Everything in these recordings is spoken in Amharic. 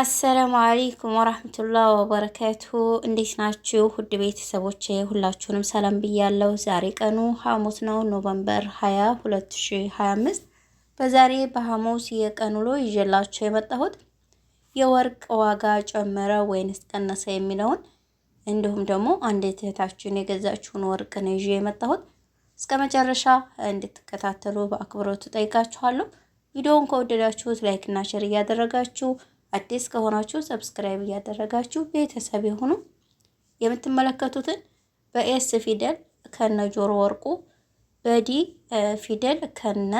አሰላሙ አለይኩም ወራህመቱላህ ወበረካቱ። እንዴት ናችሁ ውድ ቤተሰቦች ሁላችሁንም ሰላም ብያለሁ። ዛሬ ቀኑ ሐሙስ ነው ኖቨምበር 20 2025። በዛሬ በሐሙስ የቀን ውሎ ይዤላችሁ የመጣሁት የወርቅ ዋጋ ጨመረ ወይንስ ቀነሰ የሚለውን እንዲሁም ደግሞ አንድ እህታችን የገዛችሁን ወርቅ ነው ይዤ የመጣሁት። እስከ መጨረሻ እንድትከታተሉ በአክብሮት ጠይቃችኋለሁ። ቪዲዮውን ከወደዳችሁት ላይክ እና ሼር እያደረጋችሁ አዲስ ከሆናችሁ ሰብስክራይብ እያደረጋችሁ ቤተሰብ የሆኑ የምትመለከቱትን በኤስ ፊደል ከነ ጆሮ ወርቁ በዲ ፊደል ከነ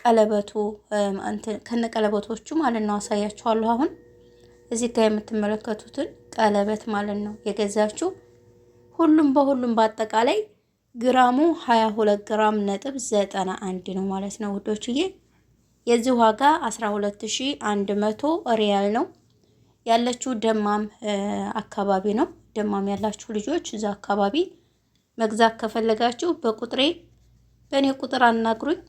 ቀለበቱ ከነ ቀለበቶቹ ማለት ነው። አሳያችኋለሁ። አሁን እዚህ ጋር የምትመለከቱትን ቀለበት ማለት ነው የገዛችሁ ሁሉም በሁሉም በአጠቃላይ ግራሙ 22 ግራም ነጥብ ዘጠና አንድ ነው ማለት ነው ውዶችዬ። የዚህ ዋጋ 12100 ሪያል ነው። ያለችው ደማም አካባቢ ነው። ደማም ያላችሁ ልጆች እዛ አካባቢ መግዛት ከፈለጋችሁ በቁጥሬ በእኔ ቁጥር አናግሩኝ፣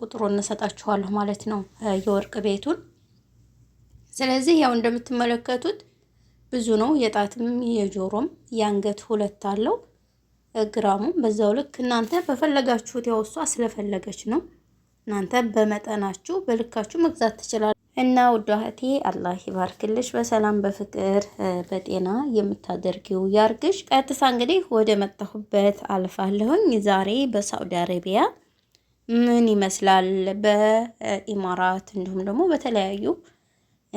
ቁጥሩን እንሰጣችኋለሁ ማለት ነው የወርቅ ቤቱን። ስለዚህ ያው እንደምትመለከቱት ብዙ ነው። የጣትም የጆሮም የአንገት ሁለት አለው ግራሙም በዛው ልክ እናንተ በፈለጋችሁት ያው እሷ ስለፈለገች ነው። እናንተ በመጠናችሁ በልካችሁ መግዛት ትችላለ እና ውድ እህቴ አላህ ይባርክልሽ፣ በሰላም በፍቅር በጤና የምታደርጊው ያርግሽ። ቀጥታ እንግዲህ ወደ መጣሁበት አልፋለሁኝ። ዛሬ በሳዑዲ አረቢያ ምን ይመስላል፣ በኢማራት እንዲሁም ደግሞ በተለያዩ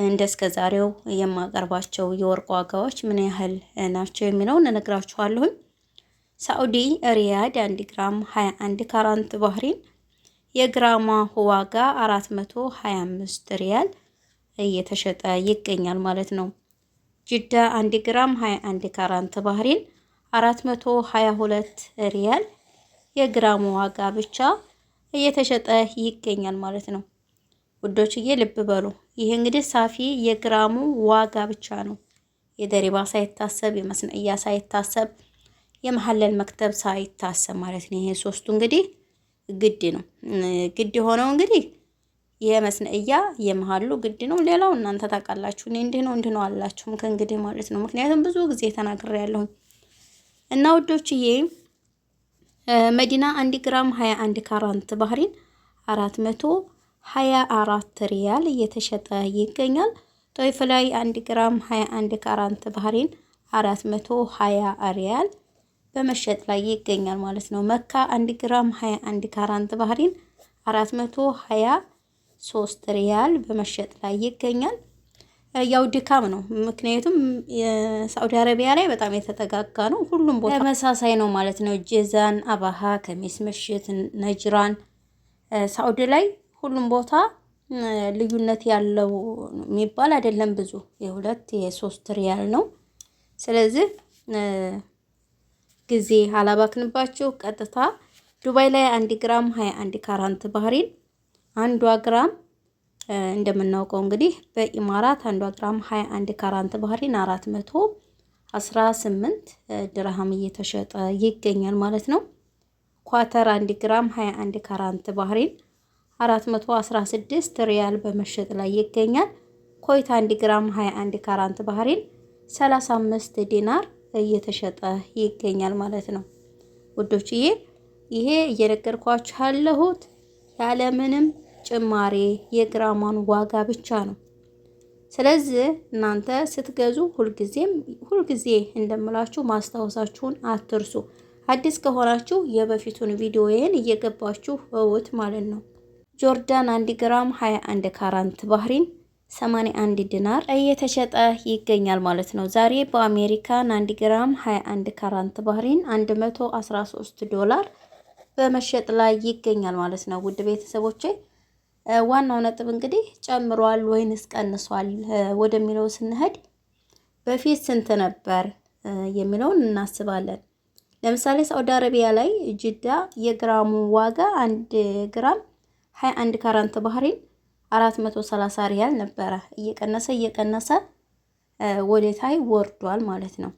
እንደ እስከ ዛሬው የማቀርባቸው የወርቅ ዋጋዎች ምን ያህል ናቸው የሚለውን እነግራችኋለሁኝ። ሳዑዲ ሪያድ አንድ ግራም 21 ካራንት ባህሪን የግራማ ዋጋ 425 ሪያል እየተሸጠ ይገኛል ማለት ነው። ጅዳ 1 ግራም 21 ካራንት ባህሪን 422 ሪያል የግራሙ ዋጋ ብቻ እየተሸጠ ይገኛል ማለት ነው። ውዶችዬ ልብ በሉ። ይህ እንግዲህ ሳፊ የግራሙ ዋጋ ብቻ ነው። የደሪባ ሳይታሰብ፣ የመስነያ ሳይታሰብ፣ የመሐለል መክተብ ሳይታሰብ ማለት ነው። ይሄ ሶስቱ እንግዲህ ግድ ነው። ግድ የሆነው እንግዲህ የመስነእያ የመሀሉ ግድ ነው። ሌላው እናንተ ታውቃላችሁ። እኔ እንዲህ ነው እንዲህ ነው አላችሁም ከእንግዲህ ማለት ነው። ምክንያቱም ብዙ ጊዜ ተናግሬ ያለሁኝ እና ውዶችዬ መዲና 1 ግራም 21 ካራንት ባህሪን 424 ሪያል እየተሸጠ ይገኛል። ጦይፍ 1 ግራም 21 ካራንት ባህሪን 420 ሪያል በመሸጥ ላይ ይገኛል ማለት ነው። መካ 1 ግራም 21 ካራንት ባህሪን 423 ሪያል በመሸጥ ላይ ይገኛል። ያው ድካም ነው። ምክንያቱም ሳኡዲ አረቢያ ላይ በጣም የተጠጋጋ ነው። ሁሉም ቦታ ተመሳሳይ ነው ማለት ነው። ጄዛን፣ አባሃ፣ ከሚስ ምሽት፣ ነጅራን ሳኡዲ ላይ ሁሉም ቦታ ልዩነት ያለው የሚባል አይደለም። ብዙ የሁለት የሶስት ሪያል ነው። ስለዚህ ጊዜ አላባክንባችሁ። ቀጥታ ዱባይ ላይ አንድ ግራም 21 ካራንት ባህሪን አንዷ ግራም እንደምናውቀው እንግዲህ በኢማራት አንዷ ግራም 21 ካራንት ባህሪን 418 ድርሃም እየተሸጠ ይገኛል ማለት ነው። ኳተር 1 ግራም 21 ካራንት ባህሪን 416 ሪያል በመሸጥ ላይ ይገኛል። ኮይት 1 ግራም 21 ካራንት ባህሪን 35 ዲናር እየተሸጠ ይገኛል ማለት ነው ውዶችዬ። ይሄ እየነገርኳችሁ ያለሁት ያለምንም ጭማሬ የግራሟን ዋጋ ብቻ ነው። ስለዚህ እናንተ ስትገዙ ሁልጊዜም ሁልጊዜ እንደምላችሁ ማስታወሳችሁን አትርሱ። አዲስ ከሆናችሁ የበፊቱን ቪዲዮዬን እየገባችሁ እውት ማለት ነው። ጆርዳን 1 ግራም 21 ካራንት ባህሪን 81 ዲናር እየተሸጠ ይገኛል ማለት ነው። ዛሬ በአሜሪካን 1 ግራም 21 ካራንት ባህሪን 113 ዶላር በመሸጥ ላይ ይገኛል ማለት ነው። ውድ ቤተሰቦቼ ዋናው ነጥብ እንግዲህ ጨምሯል ወይንስ ቀንሷል ወደሚለው ስንሄድ በፊት ስንት ነበር የሚለውን እናስባለን። ለምሳሌ ሳውዲ አረቢያ ላይ ጅዳ የግራሙ ዋጋ 1 ግራም 21 ካራንት ባህሪን 430 ሪያል ነበረ። እየቀነሰ እየቀነሰ ወደታይ ወርዷል ማለት ነው።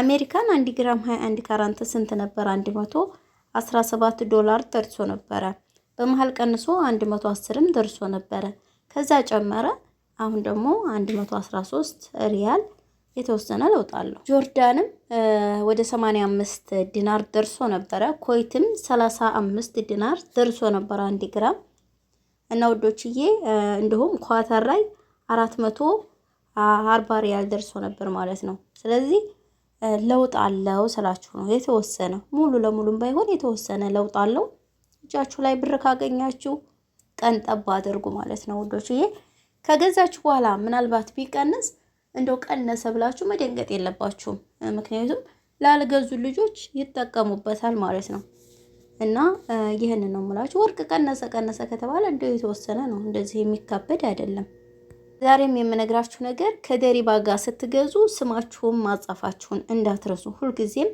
አሜሪካን 1 ግራም 21 ካራንት ስንት ነበር? 117 ዶላር ደርሶ ነበረ። በመሀል ቀንሶ 110ም ደርሶ ነበረ። ከዛ ጨመረ። አሁን ደግሞ 113 ሪያል የተወሰነ ለውጥ አለው። ጆርዳንም ወደ 85 ዲናር ደርሶ ነበረ። ኮይትም 35 ዲናር ደርሶ ነበረ 1 ግራም እና ውዶችዬ እንዲሁም ኳተር ላይ አራት መቶ አርባ ሪያል ደርሶ ነበር ማለት ነው። ስለዚህ ለውጥ አለው ስላችሁ ነው የተወሰነ ሙሉ ለሙሉም ባይሆን የተወሰነ ለውጥ አለው። እጃችሁ ላይ ብር ካገኛችሁ ቀን ጠባ አድርጉ ማለት ነው ውዶችዬ። ከገዛችሁ በኋላ ምናልባት ቢቀንስ እንደው ቀነሰ ብላችሁ መደንገጥ የለባችሁም። ምክንያቱም ላልገዙ ልጆች ይጠቀሙበታል ማለት ነው። እና ይህን ነው የምላችሁ። ወርቅ ቀነሰ ቀነሰ ከተባለ እንደው የተወሰነ ነው፣ እንደዚህ የሚካበድ አይደለም። ዛሬም የምነግራችሁ ነገር ከደሪባ ጋር ስትገዙ ስማችሁን ማጻፋችሁን እንዳትረሱ። ሁልጊዜም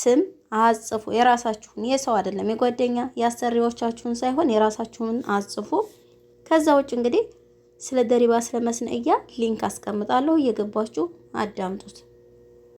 ስም አጽፉ። የራሳችሁን የሰው አይደለም፣ የጓደኛ የአሰሪዎቻችሁን ሳይሆን የራሳችሁን አጽፉ። ከዛ ውጭ እንግዲህ ስለ ደሪባ ስለ መስነእያ ሊንክ አስቀምጣለሁ፣ እየገባችሁ አዳምጡት።